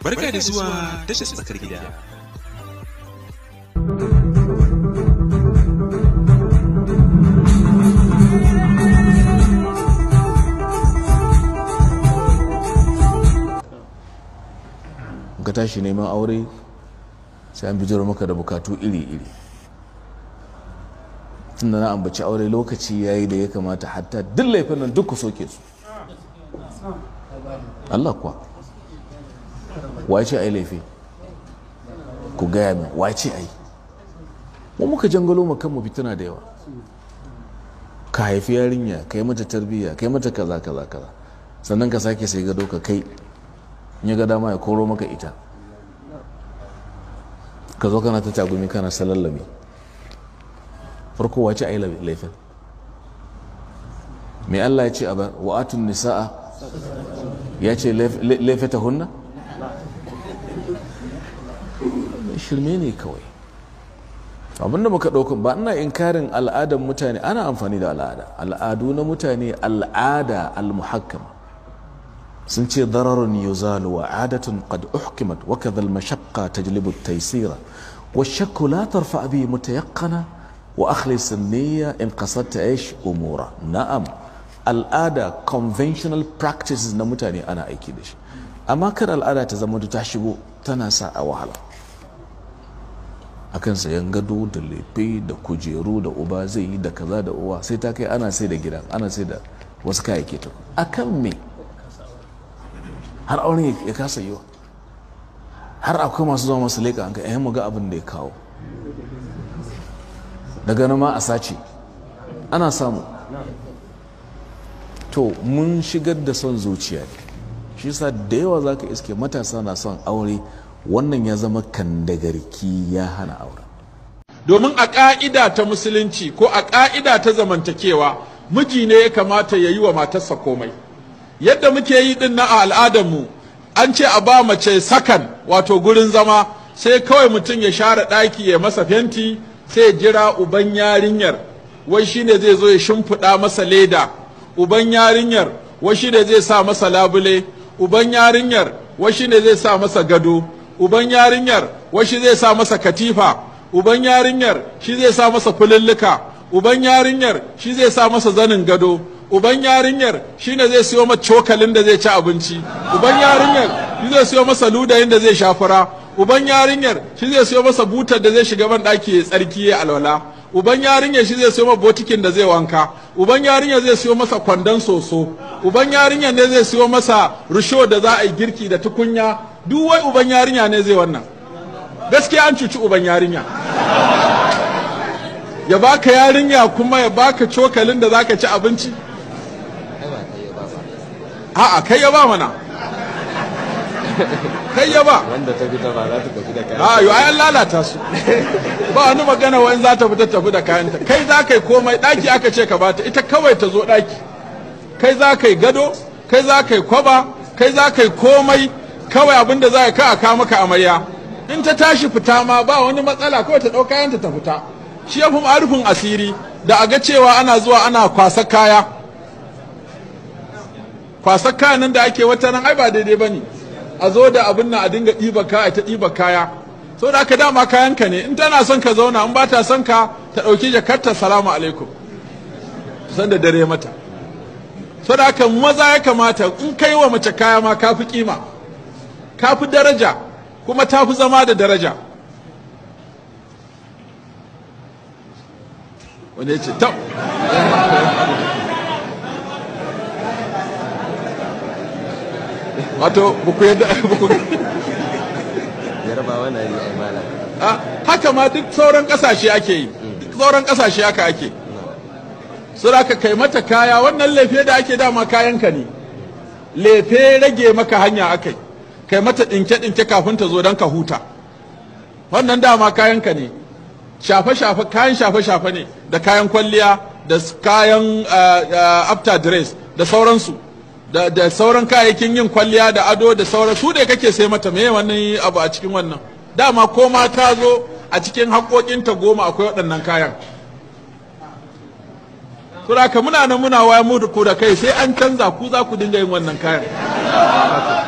Barka da zuwa tashar tsakar gida. Ka tashi neman aure sai an bijiro maka da bukatu iri-iri. Tunda na ambaci aure lokaci yayi da ya kamata hatta duk laifin nan duk ku soke su. Allah kuwa. wace a yi laifi ku gaya min wace a yi mu muka jangalo mu kanmu fitina da yawa ka haifi yarinya ka yi mata tarbiyya ka yi mata kaza kaza kaza sannan ka sake sai gado ka kai ya ga dama ya koro maka ita ka zo kana ta tagumi kana salallami farko wace a yi laifin mai allah ya ce a wa'atun nisa'a ya ce laifeta hunna shirme ne kawai abinda muka ɗauka ba ina inkarin al'adar mutane ana amfani da al'ada al'adu na mutane al'ada al-muhakkama sun ce dararun yuzalu wa adatun qad uhkimat wa kadhal mashaqqa tajlibu at-taysira wa shakku la tarfa bi mutayaqqana wa akhlis an-niyya in qasadta ish umura na'am al'ada conventional practices na mutane ana aiki da shi amma kar al'ada ta zama ta shigo tana sa a wahala a akan sayan gado da lefe da kujeru da uba zai yi da kaza da uwa sai ta kai ana sai da gidan ana sai da wasu kayayyaki ta kan me har auren ya kasa yiwa har akwai masu zama masu leƙa an kai eh, mu ga abin da ya kawo daga nama ma a sace ana samu to mun shigar da son zuciya ne shi sa da yawa za ka iske matasa na son aure wannan ya zama kandagarki ya hana auren domin a ƙa'ida ta musulunci ko a ƙa'ida ta zamantakewa miji ne ya kamata ya yi wa matarsa komai yadda muke yi din na al'adarmu an ce a ba mace sakan wato gurin zama sai kawai mutum ya share ɗaki ya masa fenti sai jira uban yarinyar wai shine zai zo ya shimfiɗa masa leda uban yarinyar wai shine zai sa masa labule uban yarinyar wai ne zai sa masa gado uban yarinyar shi zai sa masa katifa uban yarinyar shi zai sa masa fulillika uban yarinyar shi zai sa masa zanin gado uban yarinyar shi ne zai siyo masa cokalin da zai ci abinci uban yarinyar shi zai siyo masa ludayin da zai shafura uban yarinyar shi zai siyo masa butar da zai shiga ban daki ya tsarki ya alwala uban yarinyar shi zai siyo masa botikin da zai wanka uban yarinyar zai siyo masa kwandon soso uban yarinyar ne zai siyo masa rusho da za a yi girki da tukunya duk wai uban yarinya ne zai wannan gaskiya an cuci uban yarinya ya baka yarinya kuma ya baka cokalin da zaka ci abinci a'a kai ya ba mana kai ya ba wanda ta fita ba za ta tafi da kayan ayo ayan lalata su ba wani magana wani za ta fita tafi da kayanta kai za ka yi komai daki aka ce ka bata ita kawai ta zo daki kai za ka yi gado kai za ka yi kwaba kai za ka yi komai kawai abin da za ka ka maka amarya in ta tashi fita ma ba wani matsala kawai ta ɗauka yanta ta fita shi ya fi asiri da a ga cewa ana zuwa ana kwasa kaya kwasa kaya nan da ake wata nan ai ba daidai ba ne a zo da abin nan a dinga ɗiba kaya ta ɗiba kaya so da aka dama kayan ka ne in tana son ka zauna in ba ta son ka ta ɗauki jakarta salamu alaikum san da dare mata so da aka maza ya kamata in kai wa mace kaya ma kafi fi kima ta fi daraja kuma ta fi zama da daraja Wani ce ta wato buku yadda buku yarbawa na yi aimala haka ma duk sauran kasashe ake yi mm. duk sauran kasashe haka ake sura ka kai mata kaya wannan lefe da ake dama kayanka ne lefe rage maka hanya akai kai mata ɗinke-ɗinke kafin ta zo don ka huta wannan dama kayanka ne shafe-shafe kayan shafe-shafe ne da kayan kwalliya da kayan after dress da sauransu da, sauran kayayyakin yin kwalliya da ado da sauran su da kake sai mata me wani abu a cikin wannan dama ko ma ta zo a cikin haƙoƙinta goma akwai waɗannan kayan to ka muna nan muna waya mu da kai sai an canza ku za ku dinga yin wannan kayan